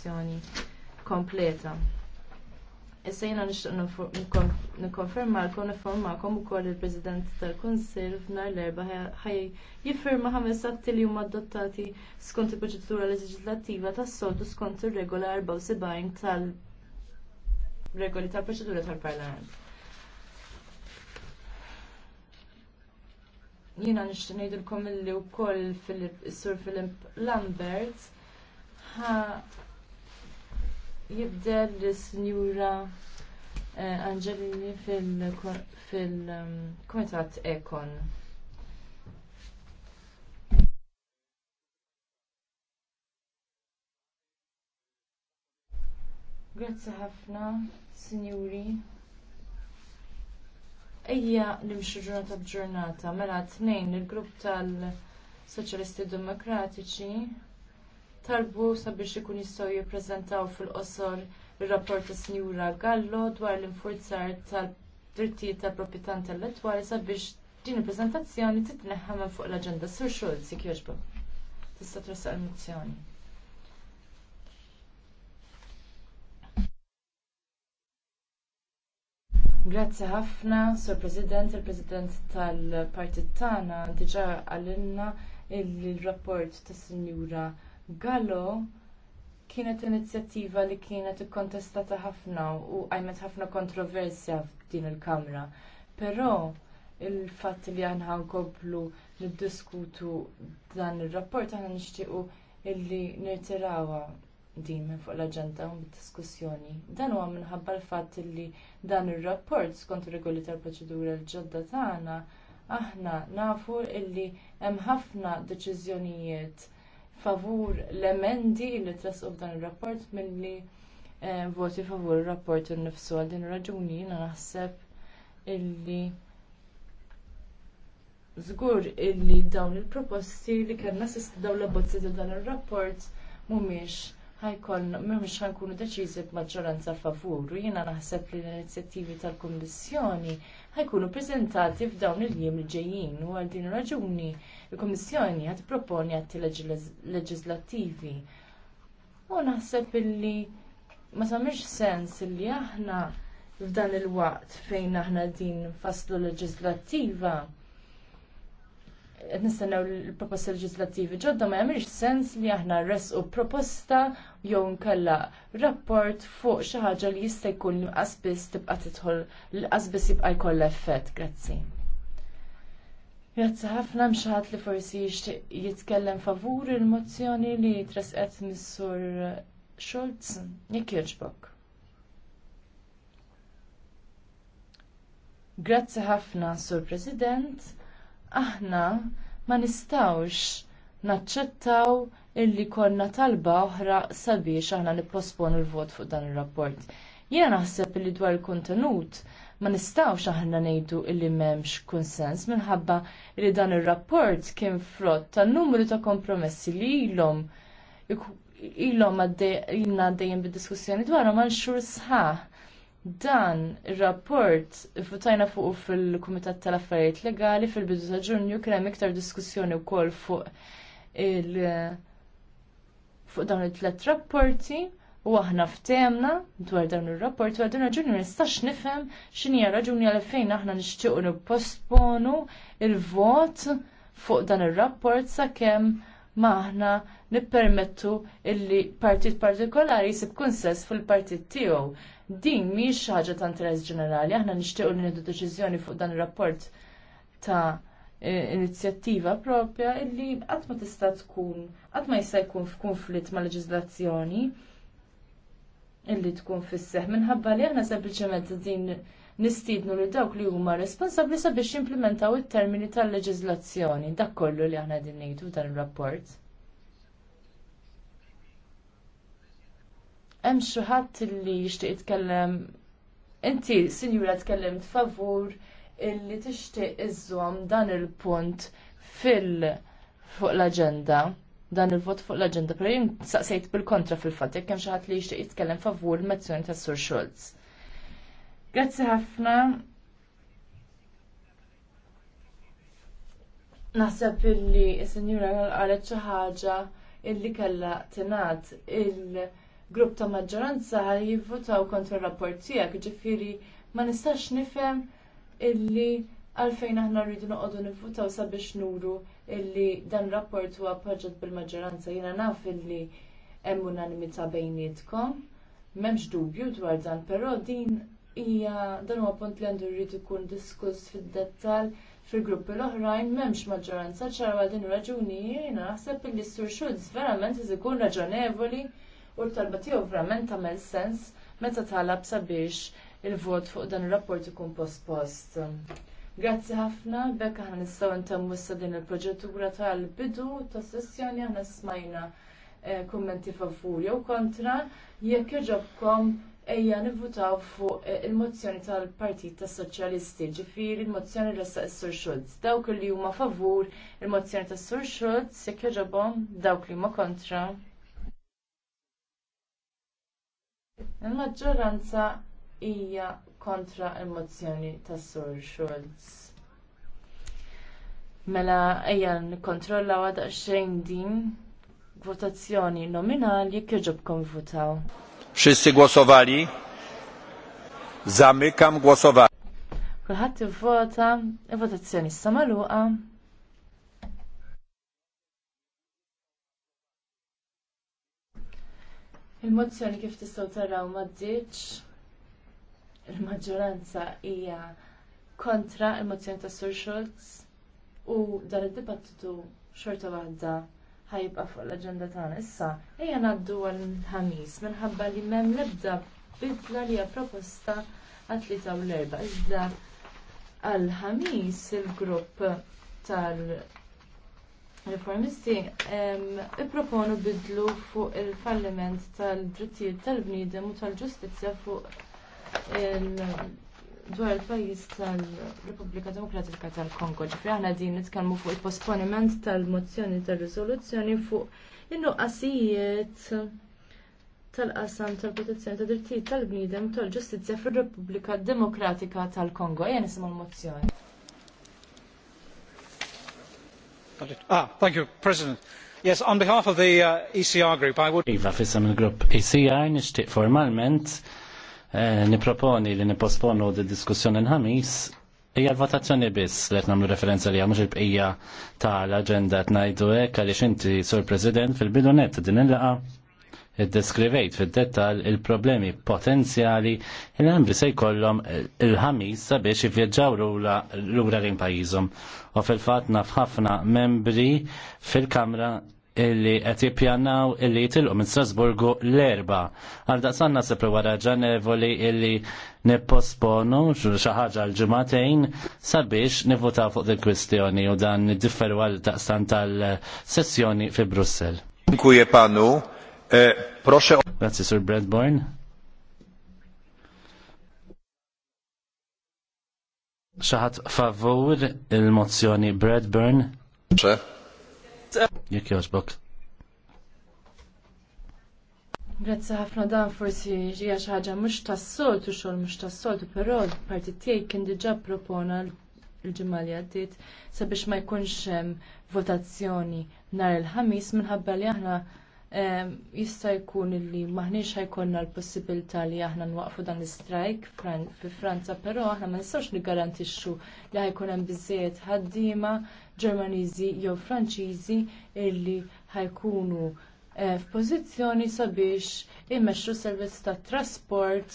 votazzjoni kompleta. Issa jena nikonferma l-kom u koll il-President tal-Konsil f'nar l-erba ħaj jiffirma ħames atti li huma adottati skont il-proċedura leġislattiva tas-soltu skont ir-regola 74 tal-regoli tal-proċedura tal-Parlament. Jena nixtieq ngħidilkom u wkoll fil-Sur Philip Lambert jibdel l-Sinjura eh, Angelini fil-Komitat mm, Ekon. Grazzi ħafna, Sinjuri. Ejja nimxu ġurnata b'ġurnata, mela t-tnejn il-grupp tal-Soċjalisti Demokratiċi talbu sabiex ikun jistgħu jippreżentaw fil-qosor ir-rapport ta' Sinjura Gallo dwar l-infurzar tal-drittijiet tal-proprjetà intellettwali sabiex din il-preżentazzjoni titneħħa minn fuq l-aġenda. Sur Schulz, jekk jogħġbok. Tista' trasaq il-mozzjoni. Grazzi ħafna, Sur President, il-President tal-Partit tagħna diġà għalilna il-rapport tas Sinjura Gallo kienet inizjattiva li kienet ikkontestata ħafna u għajmet ħafna kontroversja f'din il-Kamra. Però il-fatt li aħna nkomplu niddiskutu dan ir rapport aħna nixtiequ illi nirtirawha din minn fuq l-aġenda u bid-diskussjoni. Dan huwa minħabba l-fatt li dan ir-rapport skont ir-regoli tal-proċedura l-ġodda tagħna aħna nafu illi hemm ħafna deċiżjonijiet favur l-emendi li trasqu dan ir-rapport milli eh, voti favur ir-rapport il-nifsu għal din raġuni jina naħseb illi Zgur illi dawn il-proposti li kellna dawn l-abbozzi ta' dan ir-rapport mhumiex ħajkon, mhux ħankunu deċiżi b'maġġoranza favur, jiena naħseb li l-inizjattivi tal-Kummissjoni ħajkunu preżentati f'dawn il-jiem li ġejjin u għal din raġuni il-Kummissjoni qed proponi atti leġislattivi. U naħseb illi ma samiex sens li aħna f'dan il-waqt fejn aħna din faslu leġislattiva qed nistennew l-proposti leġislattivi ġodda ma jagħmilx sens li aħna rresqu proposta jew nkella rapport fuq xi ħaġa li jista' jkun inqas biss tibqa' tidħol l-qas biss jibqa' jkollha effett. Grazzi. Grazzi ħafna mxħat li forsi jixtieq jitkellem favur il-mozzjoni li tresqet mis-sur Schultz jekk jogħġbok. Grazzi ħafna, Sur President aħna ma nistawx naċċettaw illi konna talba oħra sabiex aħna nipposponu l-vot fuq dan ir-rapport. Jiena naħseb illi dwar il-kontenut ma nistawx aħna ngħidu illi m'hemmx konsens minħabba li dan ir-rapport kien frott tan numru ta' kompromessi li ilhom ilhom għaddejjin bid-diskussjoni dwarhom għal xhur sħaħ Dan ir-rapport votajna fuq fil-Kumitat tal-Affarijiet Legali fil-bidu ta' Ġunju kien hemm iktar diskussjoni wkoll fuq il- fuq dawn it-tlet rapporti u aħna ftemna dwar dan ir-rapport u għadin raġuni nistax nifhem x'inhi raġuni għalfejn aħna nixtiequ nipposponu il-vot fuq dan ir-rapport sakemm maħna nippermettu illi partit partikolari jisib kunsess fil-partit tiegħu. Din mhix ħaġa ta' interess ġenerali, aħna nixtiequ li nieħdu deċiżjoni fuq dan ir-rapport ta' eh, inizjattiva propja illi qatt ma tista' tkun qatt ma jista' jkun f'kunflitt ma' leġiżlazzjoni illi tkun fisseħ minħabba li aħna sempliċement din nistiednu li dawk li huma responsabbli sabiex jimplementaw it-termini tal-leġiżlazzjoni. Dak kollu li aħna din ngħidu dan ir-rapport. Hemm xi ħadd li jixtieq jitkellem inti sinjura tkellimt favur illi tixtieq iżżomm dan il-punt fil fuq l-aġenda dan il-vot fuq l-agenda, pero jien saqsejt bil-kontra fil-fatt, jekk hemm xi ħadd li jixtieq jitkellem favur l-mezzjoni tas-Sur Schultz. Grazzi ħafna. Naħseb illi s-senjura għalet xi ħaġa illi kellha tenat il-grupp ta' maġġoranza jivvotaw kontra r-rapport tiegħek, ġifieri ma nistax nifhem illi għalfejn aħna rridu noqogħdu nivvutaw sabiex nuru illi dan rapport huwa appoġġjat bil-maġġoranza. Jiena naf illi hemm unanimità bejnietkom, m'hemmx dubju dwar dan, però din hija dan huwa punt li għandu jrid ikun diskuss fid-dettall fil grupp l-oħrajn m'hemmx maġġoranza ċarwa din raġuni jiena naħseb li Sur xudz verament iż ikun raġonevoli u l-talba tiegħu verament tagħmel sens meta talab sabiex il-vot fuq dan ir-rapport ikun post-post. Grazzi ħafna, bekk aħna nistgħu ntemmu issa din il-proġettura tal-bidu tas sessjoni aħna smajna eh, kummenti favur jew kontra, jekk iġobkom ejja nivvutaw fuq eh, il-mozzjoni tal-Partit tas Soċjalisti, ġifieri l mozzjoni resta s-Sur Schulz. Dawk li huma favur il-mozzjoni tas Sur Schulz, jekk joġobhom dawk li huma kontra. Il-maġġoranza hija kontra il-mozzjoni tas Sur Schulz. Mela ejja nikkontrollaw għadaqxejn din votazzjoni nominali jekk joġobkom votaw. Wszyscy głosowali? Zamykam głosowanie. Kulħadd ivvota, votazzjoni issa magħluqa. Il-mozzjoni kif tistgħu taraw ma il-maġġoranza hija kontra il-mozzjoni ta' Sur Schultz u dan id-dibattitu xorta waħda ħajibqa fuq l-aġenda tagħna. Issa, ejja ngħaddu għall-ħamis minħabba li m'hemm l-ebda bidla li hija proposta għat-tlieta u l-erba. Iżda għall-ħamis il-grupp tal-Reformisti ipproponu bidlu fuq il-falliment tal-drittijiet tal-bniedem u tal-ġustizzja fuq il- dwar il-pajjiż tal-Repubblika Demokratika tal-Kongo. Ġifri aħna din nitkellmu fuq il-posponiment tal-mozzjoni tal-riżoluzzjoni fuq in-nuqqasijiet tal-qasam tal-protezzjoni ta' drittijiet tal-bniedem tal-ġustizzja fir-Repubblika Demokratika tal-Kongo. Ejja nisimgħu l-mozzjoni. Ah, thank you, President. Yes, on behalf of the uh, ECR group, I would... Iva, fissam il-grupp ECR, nishtiq formalment Eh, niproponi li niposponu di diskussjoni l-ħamis, hija l-votazzjoni biss li qed nagħmlu referenza li għamuġi il-bqija tal-aġenda qed ngħidu hekk għaliex inti sur President fil-bidu net din il-laqa id-deskrivejt fid detal il-problemi potenzjali li għan se jkollhom il-ħamis sabiex l lura l pajjiżhom. U fil-fatt naf ħafna membri fil-Kamra illi qed jippjanaw illi jitilqu minn Strasburgu l-erba. Għal sanna nasib wara ġanevoli illi nipposponu xi ħaġa l-ġimagħtejn sabiex nivvotaw fuq din kwistjoni u dan differu għal daqsan tal-sessjoni fi Brussel. Dziękuję panu. E, proxe. Grazie, Sir Bradburn. Xaħat favur il-mozzjoni Bradburn. Proxe. Jek jaġbok. Grazzi ħafna dan forsi ġija xi ħaġa mhux tas-soltu xogħol mhux tas-soltu, però l-partit tiegħi kien diġà propona l-ġimgħa li għaddiet sabiex ma jkunx hemm votazzjoni nhar il-ħamis minħabba li aħna jista' jkun li maħniex ħajkonna l-possibilità li aħna nwaqfu dan l strike fi Franza, però aħna ma nistgħux niggarantixxu li ħajkun hemm biżejjed ħaddiema Ġermaniżi jew Franċiżi illi ħajkunu eh, f'pożizzjoni sabiex immexxu servizz tat trasport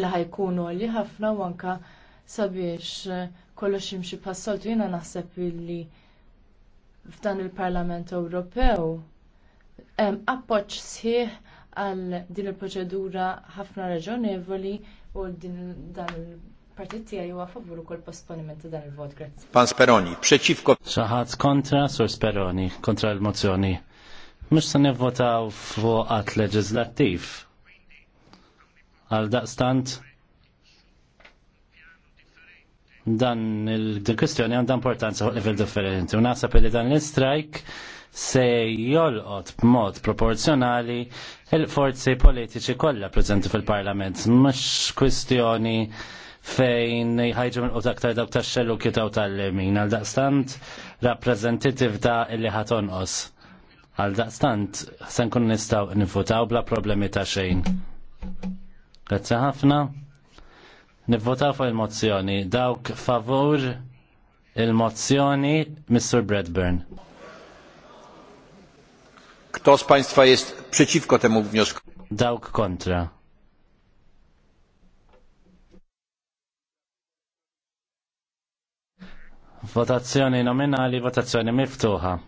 li ħajkunu li ħafna u anke sabiex eh, kollox jimxi passoltu jiena naħseb illi f'dan il-Parlament Ewropew appoġġ sħiħ għal din il-proċedura ħafna raġonevoli u din dan il-partit tiegħi huwa favur ukoll posponiment ta' dan il-vot. Grazie. Pan Speroni, preċifko. Saħat kontra Sur Speroni, kontra l-mozzjoni. Mhux se nivvotaw fuq qatt leġislattiv. Għal daqstant dan il-kwestjoni għandha importanza fuq livell differenti. U naħseb li dan l-strike se jolqot b'mod proporzjonali il-forzi politiċi kollha preżenti fil-Parlament. Mhux kwistjoni fejn jħajġu minn qod aktar dawk tax-xellu kitaw tal-lemin għal daqstant rappreżentativ ta' illi ħatonqos. Għal daqstant se nkun nistgħu nifutaw bla problemi ta' xejn. Grazzi ħafna. Nivvotaw fuq il-mozzjoni. Dawk favur il-mozzjoni Mr. Bradburn. Kto z Państwa jest przeciwko temu wniosku? Dałk kontra. Votazione nominali, votazione miftuha.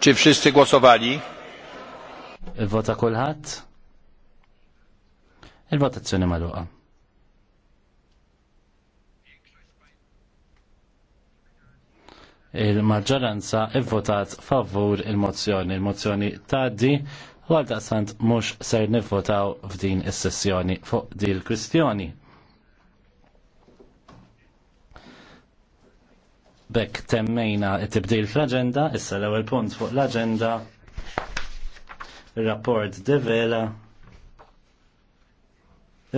Czy wszyscy głosowali? Vota kulhat. il votazione maluqa. il-maġġoranza ivvotat favur il-mozzjoni. Il-mozzjoni tgħaddi u għal daqsant mhux ser nivvotaw f'din is-sessjoni fuq din il-kwistjoni. Bekk temmejna it-tibdil fl-aġenda, issa l-ewwel punt fuq l-aġenda, il-rapport divela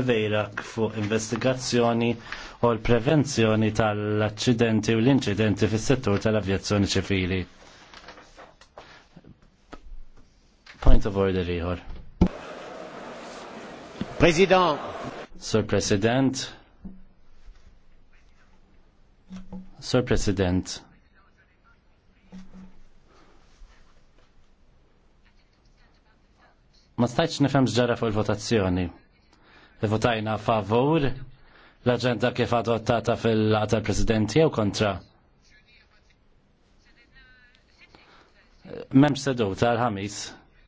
vejrak fuq investigazzjoni u l-prevenzjoni tal-accidenti u l incidenti fis settur tal-avjazzjoni ċivili. Point of order ieħor. President. Sir President. Sir President. Ma stajċ nifem ġara fuq il-votazzjoni li votajna favur l-agenda kif adottata fil-għata presidenti jew kontra. Memx seduta l-ħamis.